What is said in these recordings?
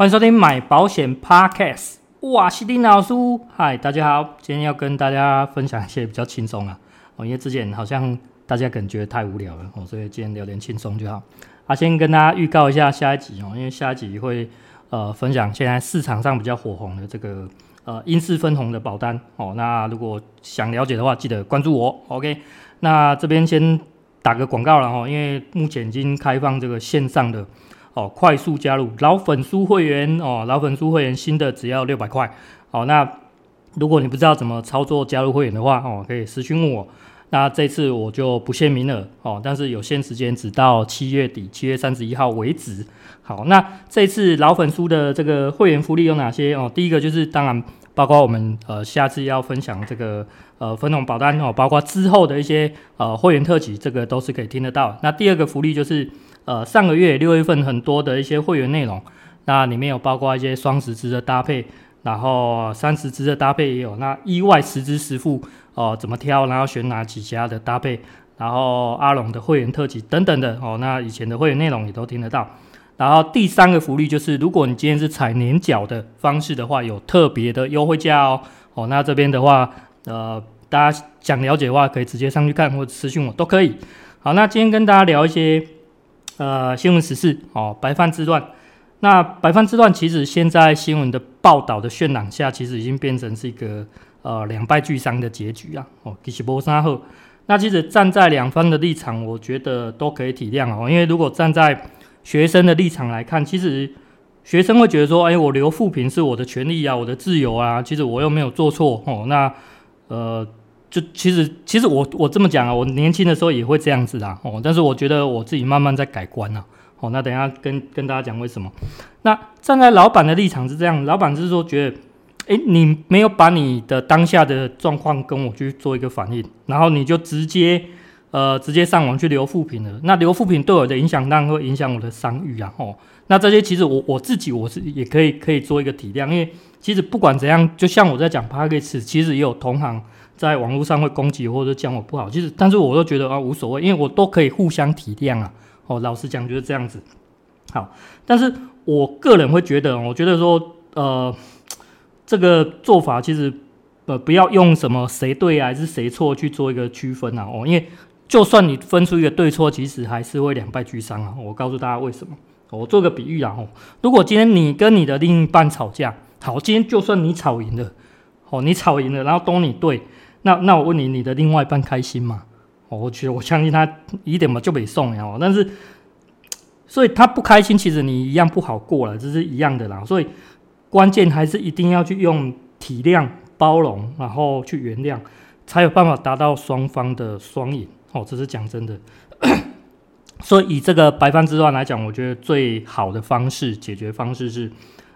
歡迎收聽買保險 Podcast，哇，是丁老師，嗨，大家好，今天要跟大家分享一些比較輕鬆啊，哦，因為之前好像大家可能覺得太無聊了，哦，所以今天聊點輕鬆就好。啊，先跟大家預告一下下一集，哦，因為下一集會呃分享現在市場上比較火紅的這個呃英式分紅的保單哦，那如果想了解的話，記得關注我，OK？那這邊先打個廣告了，哦，因為目前已經開放這個線上的。哦，快速加入老粉叔會員哦，老粉叔會員新的只要六百塊。哦，那如果你不知道怎麼操作加入會員的話，哦，可以私訊問我。那這次我就不限名額哦，但是有限時間，直到七月底，七月三十一號為止。好，那這次老粉叔的這個會員福利有哪些哦？第一個就是當然包括我們呃下次要分享這個呃分紅保單哦，包括之後的一些呃會員特輯，這個都是可以聽得到。那第二個福利就是。呃，上個月六月份很多的一些會員內容，那裡面有包括一些雙實支的搭配，然後三實支的搭配也有。那意外實支實付哦、呃，怎麼挑，然後選哪幾家的搭配，然後阿龍的會員特輯等等的哦。那以前的會員內容也都聽得到。然後第三個福利就是，如果你今天是採年繳的方式的話，有特別的優惠價哦。哦，那這邊的話，呃，大家想了解的話，可以直接上去看或者私訊我都可以。好，那今天跟大家聊一些，呃，新聞時事哦，白飯之亂。那白飯之亂其實現在新聞的報道的渲染下，其實已經變成是一個呃兩敗俱傷的結局啊。哦，吉起波山後，那其實站在兩方的立場，我覺得都可以體諒哦。因為如果站在學生的立場來看，其實學生會覺得說，哎、欸，我留負評是我的權利啊，我的自由啊，其實我又沒有做錯哦。那呃。就其實，其實我我這麼講啊，我年輕的時候也會這樣子啦。哦，但是我覺得我自己慢慢在改觀了，哦，那等一下跟跟大家講為什麼。那站在老板的立場是這樣，老板是說覺得，誒、欸，你沒有把你的當下的狀況跟我去做一個反應，然後你就直接，呃，直接上網去留負評了。那留負評對我的影響，當然會影響我的商譽啊，哦，那這些其實我我自己我是也可以可以做一個體諒，因為。其實不管怎樣，就像我在講 packages，其實也有同行在網絡上會攻擊或者講我不好。其實，但是我都覺得啊無所謂，因為我都可以互相體諒啊。哦，老實講就是這樣子。好，但是我個人會覺得，我覺得說，呃，這個做法其實，呃，不要用什麼誰對啊，還是誰錯去做一個區分啊。哦，因為就算你分出一個對錯，其實還是會兩敗俱傷啊。我告訴大家為什麼？哦，我做個比喻啊。哦，如果今天你跟你的另一半吵架，好，今天就算你吵贏了，好、哦，你吵贏了，然後都你對，那那我問你，你的另外一半開心嗎？哦、我覺得我相信他一點嘛就沒送，然後，但是，所以他不開心，其實你一樣不好過了，這是一樣的啦。所以關鍵還是一定要去用體諒、包容，然後去原諒，才有辦法達到雙方的雙贏。哦，這是講真的。 所以以這個白飯之亂來講，我覺得最好的方式解決方式是。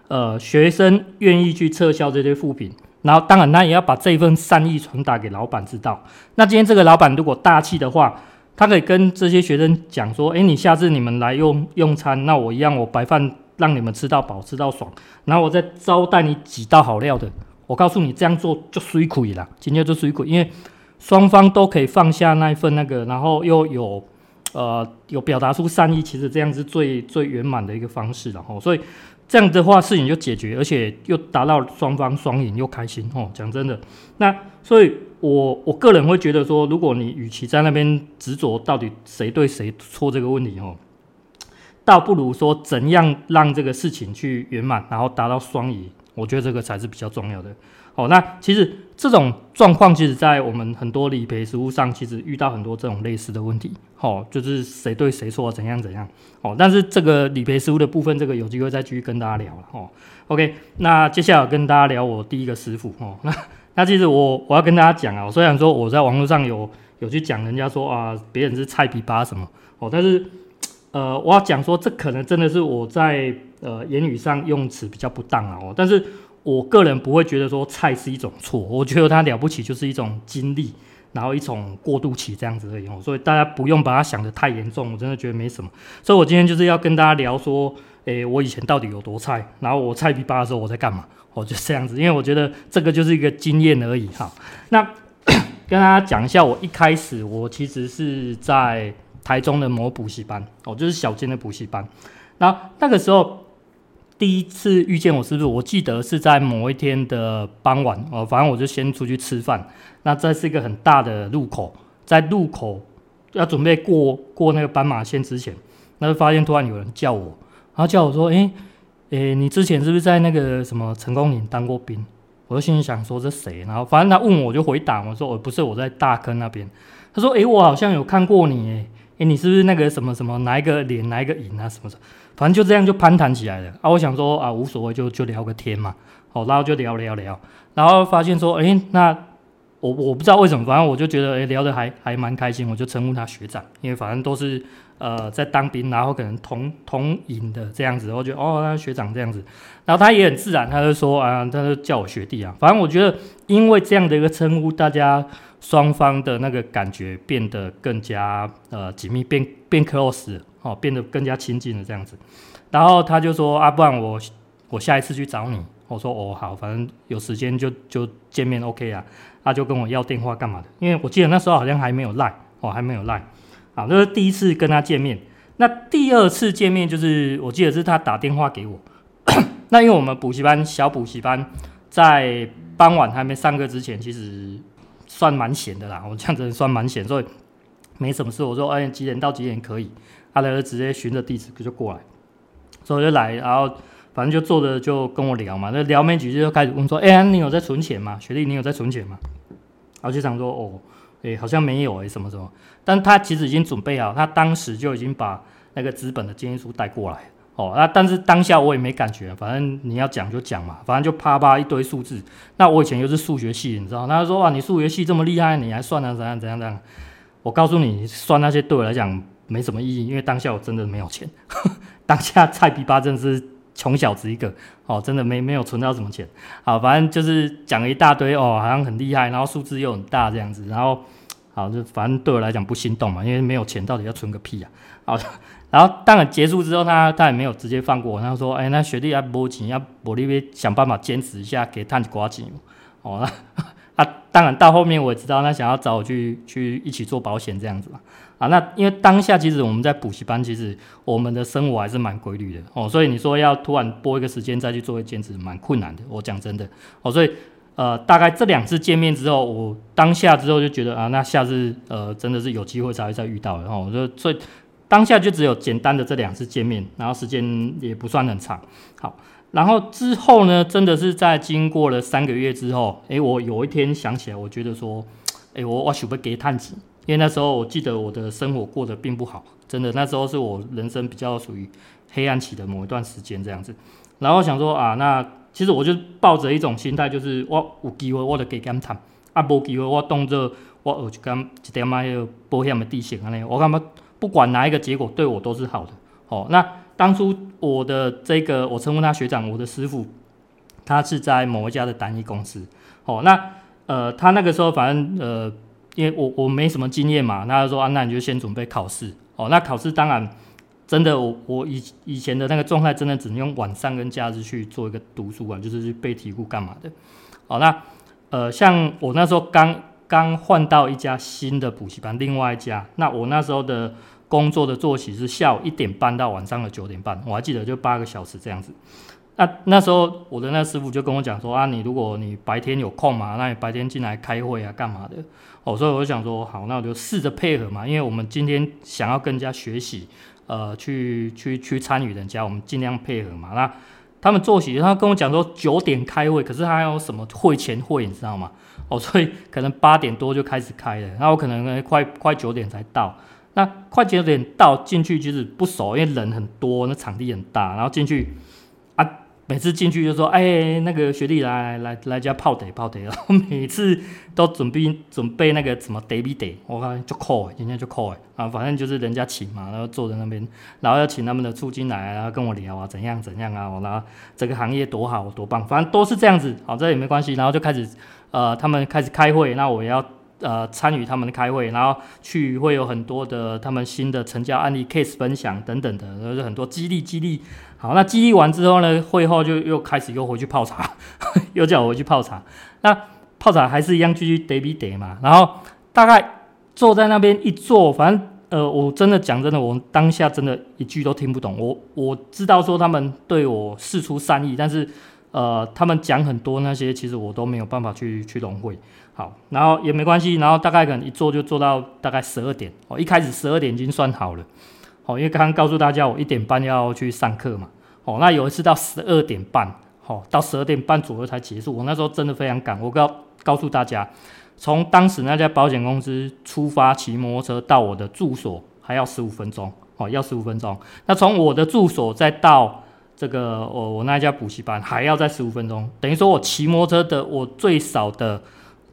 呃，學生願意去撤銷這些負評，然後當然他也要把這份善意傳達給老闆知道。那今天這個老闆如果大氣的話，他可以跟這些學生講說：“哎、欸，你下次你們來用用餐，那我一樣我白飯讓你們吃到飽，吃到爽，然後我再招待你幾道好料的。”我告訴你，這樣做就水虧了。今天就水虧，因為雙方都可以放下那一份那個，然後又有呃有表達出善意，其實這樣是最最圓滿的一個方式，然後所以，這樣的話，事情就解決，而且又達到雙方雙贏又開心哦。講真的，那所以我我個人會覺得說，如果你與其在那邊執着到底誰對誰錯這個問題哦，倒不如說怎樣讓這個事情去圓滿，然後達到雙贏，我覺得這個才是比較重要的。好，哦，那其實這種狀況，其實，在我們很多理賠實務上，其實遇到很多這種類似的問題。哦，就是誰對誰錯怎樣怎樣哦，但是這個理賠師傅的部分，這個有機會再繼續跟大家聊了哦。OK，那接下來跟大家聊我第一個師父哦。那那其實我我要跟大家講啊，雖然說我在網絡上有有去講人家說啊別人是菜逼八什麼哦，但是呃我要講說這可能真的是我在呃言語上用詞比較不當啊。哦，但是我個人不會覺得說菜是一種錯，我覺得他了不起就是一種經歷。然後一種過渡期這樣子而已，哦，所以大家不用把它想得太嚴重，我真的覺得沒什麼。所以我今天就是要跟大家聊說，誒，我以前到底有多菜，然後我菜逼八的時候我在幹嘛，我、哦、就這樣子，因為我覺得這個就是一個經驗而已哈。那 跟大家講一下，我一開始我其實是在台中的某補習班，我、哦、就是小金的補習班，那那個時候。第一次遇見我是不是？我記得是在某一天的傍晚，哦，反正我就先出去吃飯。那這是一個很大的路口，在路口要準備過過那個斑馬線之前，那就發現突然有人叫我，然後叫我說：“誒，誒，你之前是不是在那個什麼成功嶺當過兵？”我就心裡想說：“這是誰？”然後反正他問我，我就回答我說：“我不是，我在大坑那邊。”他說：“誒，我好像有看過你誒。”誒，你是不是那個什麼什麼，哪一個連、哪一個營啊，什麼什麼，反正就這樣就攀談起來了。啊，我想說啊，無所謂，就就聊個天嘛。好、哦，然後就聊聊聊，然後發現說，誒，那我我不知道為什麼，反正我就覺得，誒，聊得還還蠻開心。我就稱呼他學長，因為反正都是呃在當兵，然後可能同同營的這樣子，我覺得哦，那學長這樣子。然後他也很自然，他就說啊、呃，他就叫我學弟啊。反正我覺得，因為這樣的一個稱呼，大家。雙方的那個感覺變得更加呃緊密，變變 close 哦，變得更加親近了這樣子。然後他就說：“啊，不然我，我我下一次去找你。”我說：“哦，好，反正有時間就就見面，OK 啊。”啊，他就跟我要電話幹嘛的，因為我記得那時候好像還沒有賴哦，還沒有賴。好，這是第一次跟他見面。那第二次見面就是，我記得是他打電話給我。 那因為我們補習班小補習班在傍晚還沒上課之前，其實，算蠻閒的啦，我這樣子算蠻閒，所以沒什麼事。我說哎、欸，幾點到幾點可以？他、啊、來就直接尋着地址就過來，所以我就來，然後反正就坐着就跟我聊嘛。那聊沒幾句就開始問說，哎、欸，你有在存錢嗎？學弟，你有在存錢嗎？然後就想說，哦，哎、欸，好像沒有哎、欸，什麼什麼。但他其實已經準備好，他當時就已經把那個資本的建議書帶過來。哦，那、啊、但是當下我也沒感覺，反正你要講就講嘛，反正就啪啪一堆數字。那我以前又是數學系，你知道，他說哇，你數學系這麼厲害，你還算啊怎樣怎樣怎樣？我告訴你，算那些對我來講沒什麼意義，因為當下我真的沒有錢， 當下菜逼八真的是窮小子一個，哦，真的沒沒有存到什麼錢。好，反正就是講一大堆哦，好像很厲害，然後數字又很大這樣子，然後好就反正對我來講不心動嘛，因為沒有錢，到底要存個屁呀、啊？好。然後當然結束之後他，他他也沒有直接放過我，他說：“哎，那學弟要補錢，要我這邊想辦法兼職一下，給他刮錢哦。那”啊，當然到後面我也知道，他想要找我去去一起做保險這樣子嘛。啊，那因為當下其實我們在補習班，其實我們的生活還是蠻規律的哦，所以你說要突然撥一個時間再去做一兼職，蠻困難的。我講真的哦，所以呃，大概這兩次見面之後，我當下之後就覺得啊，那下次呃真的是有機會才會再遇到的哦。我就所以。當下就只有簡單的這兩次見面，然後時間也不算很長。好，然後之後呢，真的是在經過了三個月之後，誒，我有一天想起來，我覺得說，誒，我我想要給探子，因為那時候我記得我的生活過得並不好，真的那時候是我人生比較屬於黑暗期的某一段時間這樣子。然後想說啊，那其實我就抱着一種心態，就是我有機會我就給他們探，啊，沒機會我動，做我學一講一點啊，許保險的底線我感覺。不管哪一個結果對我都是好的。哦，那當初我的這個，我稱呼他學長，我的師父，他是在某一家的單一公司。哦，那呃，他那個時候反正呃，因為我我沒什麼經驗嘛，那他說啊，那你就先準備考試。哦，那考試當然真的我，我我以以前的那個狀態，真的只能用晚上跟假日去做一個讀書啊，就是去背題庫幹嘛的。好、哦，那呃，像我那時候剛剛換到一家新的補習班，另外一家，那我那時候的。工作的作息是下午一點半到晚上的九點半，我還記得就八個小時這樣子。那、啊、那時候我的那師傅就跟我講說啊，你如果你白天有空嘛、啊，那你白天進來開會啊，幹嘛的？哦，所以我就想說好，那我就試着配合嘛，因為我們今天想要跟人家學習，呃，去去去參與人家，我們盡量配合嘛。那他們作息，他跟我講說九點開會，可是他有什麼會前會你知道嗎？哦，所以可能八點多就開始開了，那我可能快快九點才到。那快捷有點到進去，就是不熟，因為人很多，那場地很大，然後進去，啊，每次進去就說，哎、欸，那個學弟來來來，來家泡茶泡茶，然後每次都準備準備那個什麼茶米茶，我感覺就扣今人家就扣哎，啊，反正就是人家請嘛，然後坐在那邊，然後要請他們的出金來，然後跟我聊啊，怎樣怎樣啊，我然這個行業多好我多棒，反正都是這樣子，好、啊，這也沒關係，然後就開始，呃，他們開始開會，那我要。呃，參與他們的開會，然後去會有很多的他們新的成交案例 case 分享等等的，就是，很多激勵激勵。好，那激勵完之後呢，會後就又開始又回去泡茶，呵呵又叫我回去泡茶。那泡茶還是一樣繼續喋喋嘛。然後大概坐在那邊一坐，反正呃，我真的講真的，我當下真的一句都聽不懂。我我知道說他們對我釋出善意，但是呃，他們講很多那些，其實我都沒有辦法去去融會。好，然後也沒關係，然後大概可能一坐就坐到大概十二點哦。一開始十二點已經算好了，哦，因為剛剛告訴大家我一點半要去上課嘛，哦，那有一次到十二點半，哦，到十二點半左右才結束。我那時候真的非常趕，我告告訴大家，從當時那家保險公司出發騎摩托車到我的住所還要十五分鐘，哦，要十五分鐘。那從我的住所再到這個我、哦、我那家補習班還要再十五分鐘，等於說我騎摩托車的我最少的。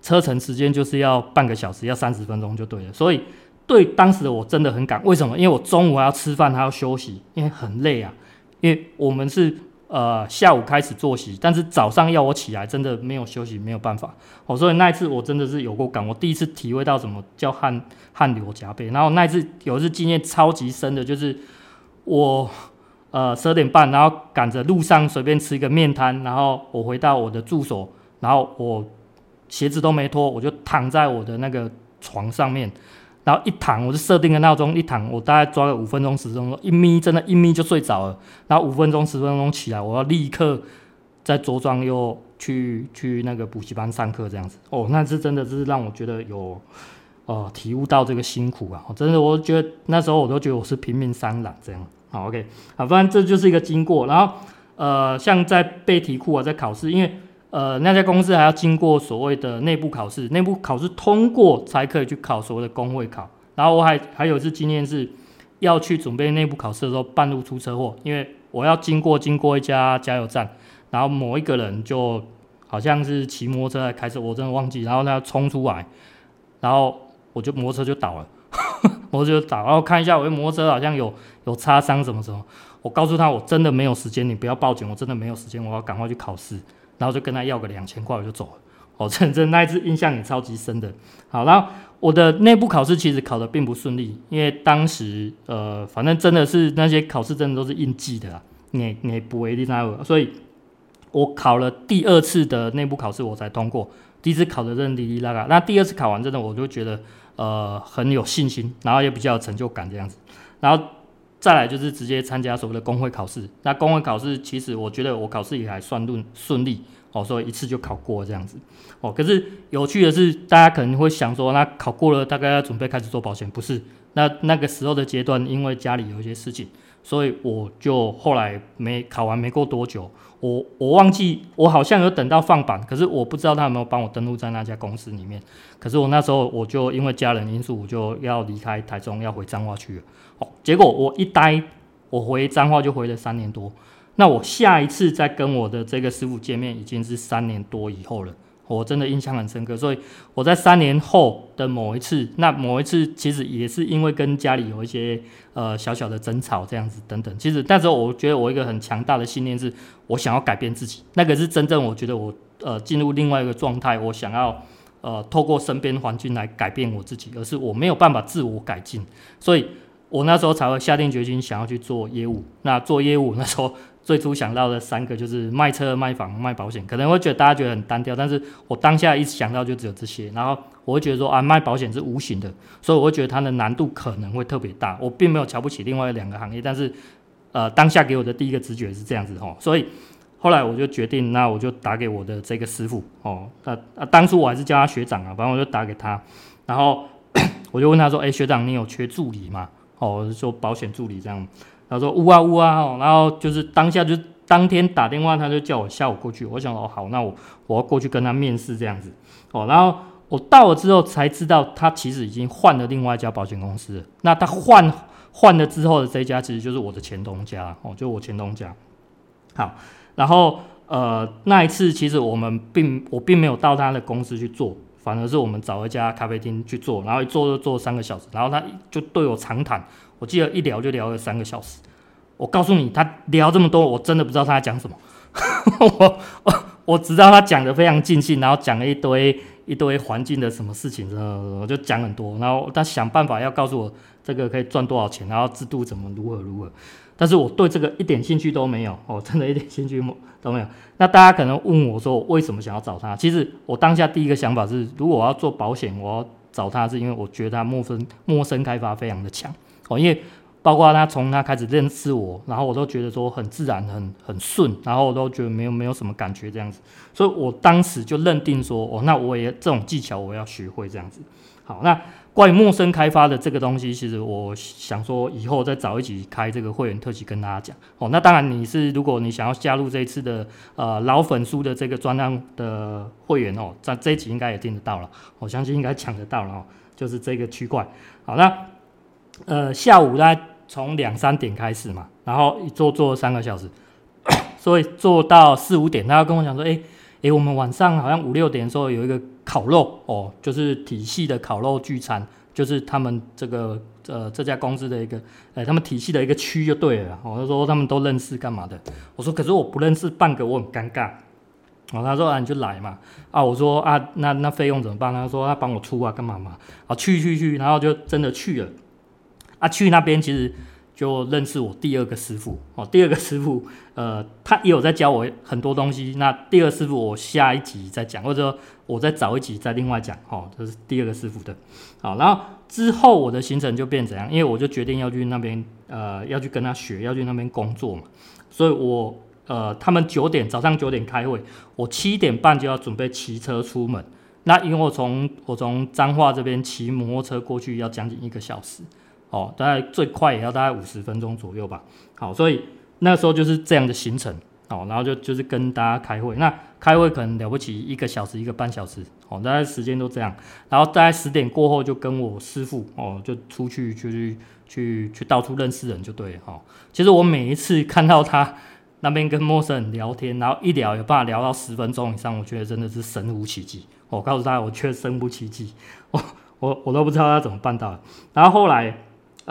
車程時間就是要半個小時，要三十分鐘就對了。所以，對當時的我真的很趕。為什麼？因為我中午要吃飯，還要休息，因為很累啊。因為我們是呃下午開始作息，但是早上要我起來，真的沒有休息，沒有辦法。我、哦、所以那一次我真的是有夠趕，我第一次體會到什麼叫汗汗流浹背。然後那一次有一次經驗超級深的，就是我呃十二點半，然後趕着路上隨便吃一個麵攤，然後我回到我的住所，然後我。鞋子都沒脫，我就躺在我的那個床上面，然後一躺我就設定個鬧鐘，一躺我大概抓個五分鐘十分鐘，一眯真的，一眯就睡着了。然後五分鐘十分鐘起來，我要立刻在着裝又去去那個補習班上課這樣子。哦，那是真的，是讓我覺得有哦、呃、體悟到這個辛苦啊！哦、真的，我覺得那時候我都覺得我是拼命三郎這樣。好，OK，好，反正這就是一個經過。然後呃，像在背題庫啊，在考試，因為。呃，那家公司還要經過所謂的內部考試，內部考試通過才可以去考所謂的公會考。然後我還還有一次經驗是，要去準備內部考試的時候，半路出車禍，因為我要經過經過一家加油站，然後某一個人就好像是騎摩托車還開車，我真的忘記。然後他要衝出來，然後我就摩托車就倒了，摩托車就倒了。然後看一下我的摩托車好像有有擦傷什麼什麼，我告訴他我真的沒有時間，你不要報警，我真的沒有時間，我要趕快去考試。然後就跟他要個兩千塊，我就走了。哦，真，真的，那一次印象也超級深的。好，然後我的內部考試其實考得並不順利，因為當時呃，反正真的是那些考試真的都是硬記的，的，你的你不會的那我。所以我考了第二次的內部考試，我才通過。第一次考的真的離離落落，那第二次考完真的我就覺得呃很有信心，然後也比較有成就感這樣子。然後。再來就是直接參加所謂的公會考試，那公會考試其實我覺得我考試也還算順利哦，所以一次就考過這樣子哦。可是有趣的是，大家可能會想說，那考過了大概要準備開始做保險不是？那那個時候的階段，因為家裡有一些事情，所以我就後來沒考完，沒過多久，我我忘記我好像有等到放榜，可是我不知道他有沒有幫我登錄在那家公司裡面。可是我那時候我就因為家人因素，我就要離開台中，要回彰化去了。結果我一待，我回彰化就回了三年多。那我下一次再跟我的這個師父見面，已經是三年多以後了。我真的印象很深刻，所以我在三年後的某一次，那某一次其實也是因為跟家裡有一些呃小小的爭吵這樣子等等。其實那時候我覺得我一個很強大的信念是，我想要改變自己，那個是真正我覺得我呃進入另外一個狀態，我想要呃透過身邊環境來改變我自己，而是我沒有辦法自我改進，所以。我那時候才會下定決心想要去做業務。那做業務那時候最初想到的三個就是賣車、賣房、賣保險。可能會覺得大家覺得很單調，但是我當下一想到就只有這些。然後我會覺得說啊，賣保險是無形的，所以我會覺得它的難度可能會特別大。我並沒有瞧不起另外兩個行業，但是呃，當下給我的第一個直覺是這樣子哦。所以後來我就決定，那我就打給我的這個師傅哦。那、啊啊、當初我還是叫他學長啊，反正我就打給他，然後 我就問他說：“哎、欸，學長，你有缺助理嗎？”哦，說保險助理這樣，他說嗚、嗯、啊嗚、嗯、啊哈、哦，然後就是當下就當天打電話，他就叫我下午過去。我想說哦，好，那我我要過去跟他面試這樣子哦。然後我到了之後才知道，他其實已經換了另外一家保險公司。那他換換了之後的這一家，其實就是我的前東家哦，就我前東家。好，然後呃，那一次其實我們並我並沒有到他的公司去做。反而是我們找一家咖啡廳去坐，然後一坐就坐三個小時，然後他就對我長談。我記得一聊就聊了三個小時。我告訴你，他聊這麼多，我真的不知道他在講什麼。 我我我知道他講得非常盡興，然後講了一堆一堆環境的什麼事情，真的我就講很多。然後他想辦法要告訴我這個可以賺多少錢，然後制度怎麼如何如何。但是我對這個一點興趣都沒有，哦，真的一點興趣都沒有。那大家可能問我說，我為什麼想要找他？其實我當下第一個想法是，如果我要做保險，我要找他，是因為我覺得他陌生陌生開發非常的強。哦，因為包括他從他開始認識我，然後我都覺得說很自然、很很順，然後我都覺得沒有沒有什麼感覺這樣子。所以我當時就認定說，哦，那我也這種技巧我要學會這樣子。好，那關於陌生開發的這個東西，其實我想說，以後再找一集開這個會員特輯跟大家講。哦，那當然你是如果你想要加入這一次的呃老粉叔的這個專案的會員哦，在這一集應該也訂得到了，我、哦、相信應該搶得到了哦，就是這個區塊。好，那呃下午呢，從兩三點開始嘛，然後一坐坐三個小時，所以坐到四五點，大家跟我講說，哎、欸。哎，我們晚上好像五六點的時候有一個烤肉哦，就是體系的烤肉聚餐，就是他們這個呃這家公司的一個哎，他們體系的一個區就對了。我說他們都認識幹嘛的？我說可是我不認識半個，我很尷尬。哦，他說啊，你就來嘛啊，我說啊，那那費用怎麼辦？他說他幫我出啊，幹嘛嘛？啊，去去去，然後就真的去了啊，去那邊其實。就認識我第二個師父哦，喔，第二個師父，呃，他也有在教我很多東西。那第二師父，我下一集再講，或者我再找一集再另外講哦，這，喔就是第二個師父的。好，然後之後我的行程就變怎樣？因為我就決定要去那邊，呃，要去跟他學，要去那邊工作嘛。所以我，我呃，他們九點早上九點開會，我七點半就要準備騎車出門。那因為我從我從彰化這邊騎摩托車過去要將近一個小時。哦，大概最快也要大概五十分鐘左右吧。好，所以那個時候就是這樣的行程。哦，然後就就是跟大家開會。那開會可能了不起一個小時、一個半小時。哦，大概時間都這樣。然後大概十點過後就跟我師父哦，就出去去去去，去到處認識人就對哈、哦。其實我每一次看到他那邊跟陌生人聊天，然後一聊有辦法聊到十分鐘以上，我覺得真的是神乎、哦、其技、哦。我告訴大家，我確實神乎其技。我我我都不知道他怎麼辦到了。然後後來。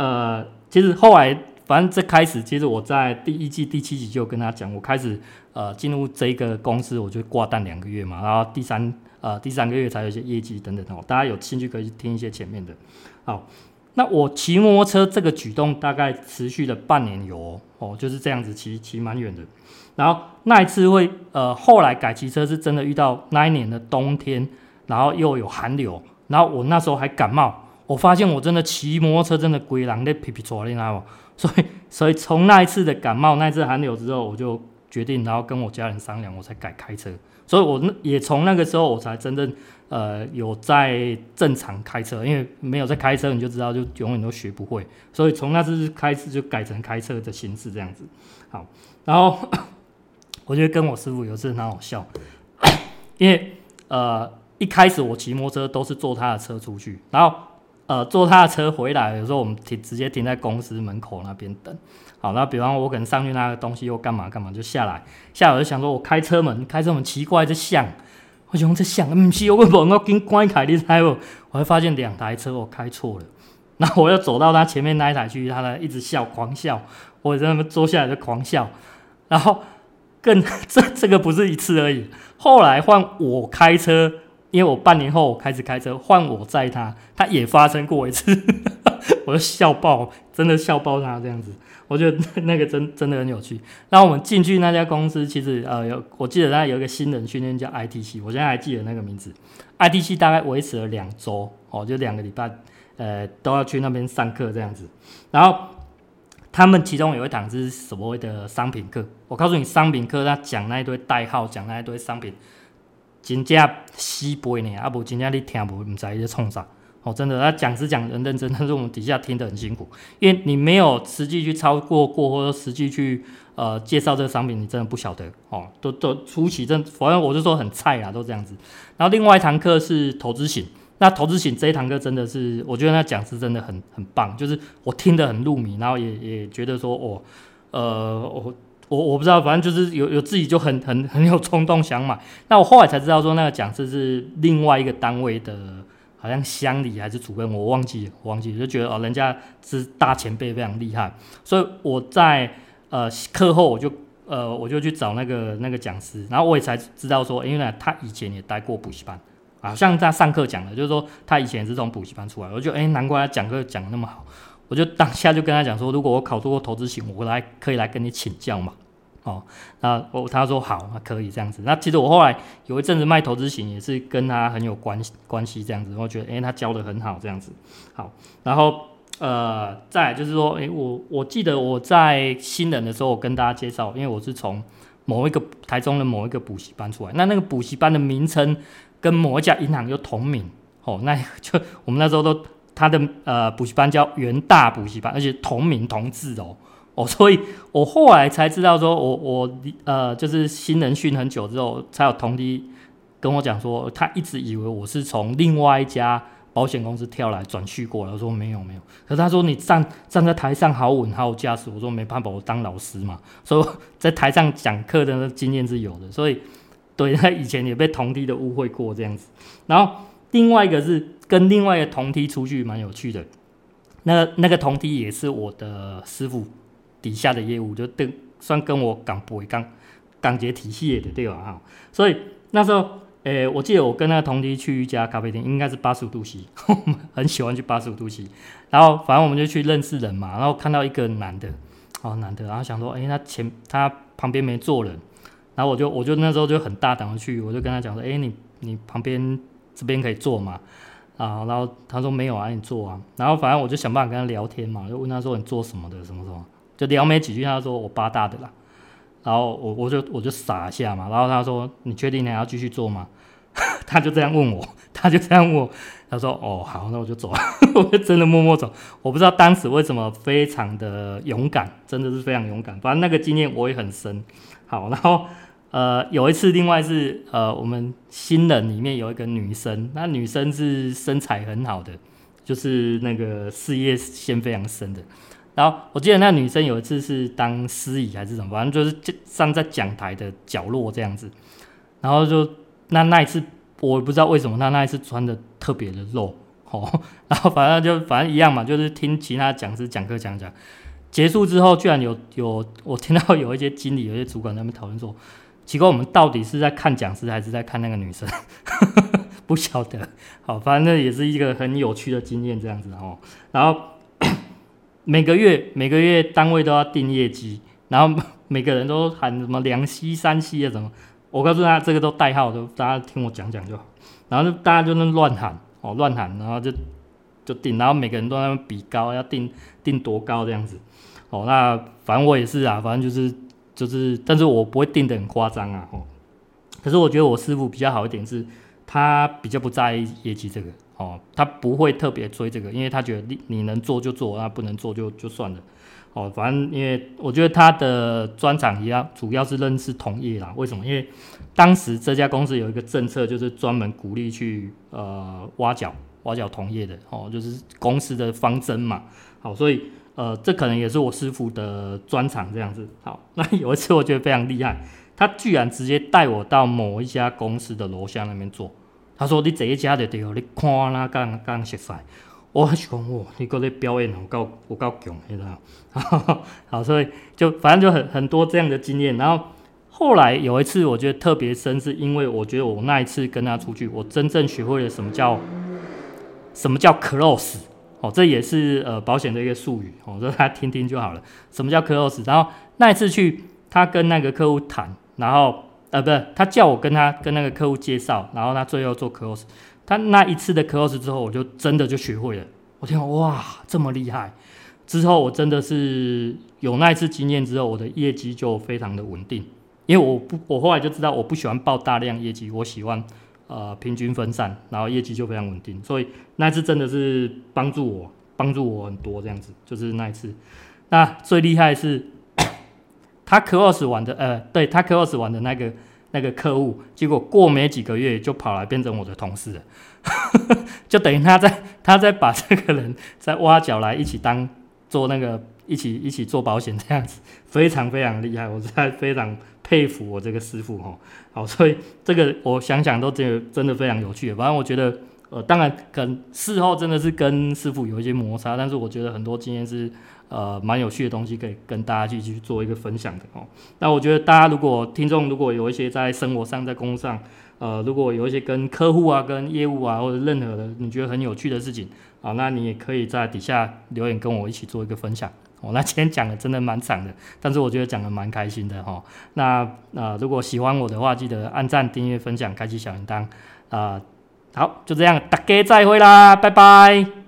呃，其實後來反正這開始，其實我在第一季第七集就有跟他講，我開始呃進入這一個公司，我就掛蛋兩個月嘛，然後第三呃第三個月才有一些業績等等哦，大家有興趣可以去聽一些前面的。好，那我騎摩托車這個舉動大概持續了半年有哦，就是這樣子騎騎蠻遠的。然後那一次會呃後來改騎車是真的遇到那一年的冬天，然後又有寒流，然後我那時候還感冒。我發現我真的騎摩托車真的鬼狼在皮皮抽，你知道嗎？所以，所以從那一次的感冒，那一次寒流之後，我就決定，然後跟我家人商量，我才改開車。所以我那也從那個時候，我才真正呃有在正常開車，因為沒有在開車，你就知道就永遠都學不會。所以從那次開始就改成開車的形式這樣子。好，然後我覺得跟我師父有一次很好笑，因為呃一開始我騎摩托車都是坐他的車出去，然後。呃，坐他的車回來，有時候我們停直接停在公司門口那邊等。好，那比方我可能上去拿個東西又幹嘛幹嘛就下來，下來我就想說我開車門，開車門奇怪，這響，我想這響唔是，我無我緊關開，你猜不？我就發現兩台車我開錯了，那我要走到他前面那一台去，他呢一直笑，狂笑，我在那邊坐下來就狂笑，然後更這這個不是一次而已，後來換我開車。因為我半年後我開始開車，換我載他，他也發生過一次， 我就笑爆，真的笑爆他這樣子，我覺得那個真真的很有趣。然後我們進去那家公司，其實呃有，我記得那有一個新人訓練叫 ITC，我現在還記得那個名字。ITC 大概維持了兩周哦，就兩個禮拜，呃都要去那邊上課這樣子。然後他們其中有一堂是所謂的商品課，我告訴你,商品課他講那一堆代號，講那一堆商品。真正細背呢，啊不，真正你聽無，唔知在創啥，哦，真的，那講師講很認真，但是我們底下聽得很辛苦，因為你沒有實際去操作過，或者實際去呃介紹這個商品，你真的不曉得，哦，都都初期真，反正我就說很菜啊，都這樣子。然後另外一堂課是投資型，那投資型這一堂課真的是，我覺得那講師真的很很棒，就是我聽得很入迷，然後也也覺得說，哦，呃，我。我我不知道，反正就是有有自己就很很很有衝動想買。那我後來才知道說那個講師是另外一個單位的，好像鄉里還是主任，我忘記了，我忘記了，就覺得哦，人家是大前輩，非常厲害。所以我在呃課後我就呃我就去找那個那個講師，然後我也才知道說，欸、因為呢他以前也待過補習班，好、啊、像在上課講的，就是說他以前也是從補習班出來，我就哎、欸、難怪他講課講那麼好。我就當下就跟他講說，如果我考過投資型，我來可以來跟你請教嘛？哦，那我、哦、他說好，可以這樣子。那其實我後來有一陣子賣投資型，也是跟他很有關係關係這樣子。我覺得，哎、欸，他教的很好這樣子。好，然後呃，再來就是說，哎、欸，我我記得我在新人的時候，我跟大家介紹，因為我是從某一個台中的某一個補習班出來，那那個補習班的名稱跟某一家銀行又同名哦，那就我們那時候都他的呃補習班叫元大補習班，而且同名同字哦。哦，所以我後來才知道，說我我呃，就是新人訓很久之後，才有同梯跟我講說，他一直以為我是從另外一家保險公司跳來轉去過來，我說沒有沒有，可是他說，你站站在台上好穩，好有架勢，我說沒辦法，我當老師嘛，所以在台上講課的經驗是有的，所以對，他以前也被同梯的誤會過這樣子。然後另外一個是跟另外一個同梯出去蠻有趣的，那那個同梯也是我的師父。底下的業務就跟算跟我講不會講，講解體系的對吧？哈，所以那時候，誒、欸，我記得我跟那個同居去一家咖啡店，應該是八十五度 C，很喜歡去八十五度 C。然後反正我們就去認識人嘛，然後看到一個男的，哦，男的，然後想說，誒、欸，他前他旁邊沒坐人，然後我就我就那時候就很大膽的去，我就跟他講說，誒、欸，你你旁邊這邊可以坐嘛，啊，然後他說沒有啊，你坐啊。然後反正我就想辦法跟他聊天嘛，就問他說你做什麼的，什麼什麼。就聊沒幾句，他說我八大的啦，然後我我就我就傻一下嘛，然後他說你確定你還要繼續做嗎呵呵？他就這樣問我，他就這樣問我，他說哦好，那我就走了， 我就真的默默走。我不知道當時為什麼非常的勇敢，真的是非常勇敢。反正那個經驗我也很深。好，然後呃有一次，另外是呃我們新人裡面有一個女生，那女生是身材很好的，就是那個事業線非常深的。然後我記得那女生有一次是當司儀還是什麼，反正就是站在講台的角落這樣子。然後就那那一次，我也不知道為什麼，她那，那一次穿得特別的露哦。然後反正就反正一樣嘛，就是聽其他講師講課講講。結束之後，居然有有我聽到有一些經理、有些主管他們討論說，奇怪，我們到底是在看講師還是在看那個女生？呵呵不曉得。好，反正那也是一個很有趣的經驗這樣子哦。然後。每個月每個月單位都要定業績，然後每個人都喊什麼兩七三七啊什麼，我告訴大家這個都代號，就大家聽我講講就好，然後就大家就那亂喊哦，亂喊，然後就就定，然後每個人都在那比高，要定定多高這樣子，哦，那反正我也是啊，反正就是就是，但是我不會定得很誇張啊，哦，可是我覺得我師父比較好一點是，他比較不在意業績這個。哦，他不會特別追這個，因為他覺得你你能做就做，那不能做就就算了。哦，反正因為我覺得他的專長一樣，主要是認識同業啦。為什麼？因為當時這家公司有一個政策，就是專門鼓勵去呃挖角挖角同業的。哦，就是公司的方針嘛。好，所以呃，這可能也是我師父的專長這樣子。好，那有一次我覺得非常厲害，他居然直接帶我到某一家公司的樓下那邊做。他說：“你這一家就對了，你看哪講剛熟悉。”我喜歡哇，你哥的表演紅高有夠強，你知道？所以就反正就很很多這樣的經驗。然後後來有一次，我覺得特別深，是因為我覺得我那一次跟他出去，我真正學會了什麼叫什麼叫 close 哦，這也是呃保險的一個術語，我說大家聽聽就好了。什麼叫 close？然後那一次去，他跟那個客戶談，然後。呃，不是，他叫我跟他跟那個客戶介紹，然後他最後做 close，他那一次的 close 之後，我就真的就學會了。我天，哇，這麼厲害！之後我真的是有那一次經驗之後，我的業績就非常的穩定。因為我不，我後來就知道我不喜歡報大量業績，我喜歡呃平均分散，然後業績就非常穩定。所以那一次真的是幫助我幫助我很多這樣子，就是那一次。那最厲害的是。他 Close 完的，呃，對他 Close 完的那個那個客戶，結果過沒幾個月就跑來變成我的同事了， 就等於他在他在把這個人在挖角來一起當做那個一起一起做保險這樣子，非常非常厲害，我實在非常佩服我這個師父哦。好，所以這個我想想都覺得真的非常有趣。反正我覺得，呃，當然跟事後真的是跟師父有一些摩擦，但是我覺得很多經驗是。呃，蠻有趣的東西可以跟大家去去做一個分享的哦。那我覺得大家如果聽眾如果有一些在生活上在工作上，呃，如果有一些跟客戶啊、跟業務啊或者任何的你覺得很有趣的事情啊，那你也可以在底下留言跟我一起做一個分享哦。那今天講的真的蠻慘的，但是我覺得講的蠻開心的哈、哦。那啊、呃，如果喜歡我的話，記得按讚、訂閱、分享、開啟小鈴鐺啊、呃。好，就這樣，大家再會啦，拜拜。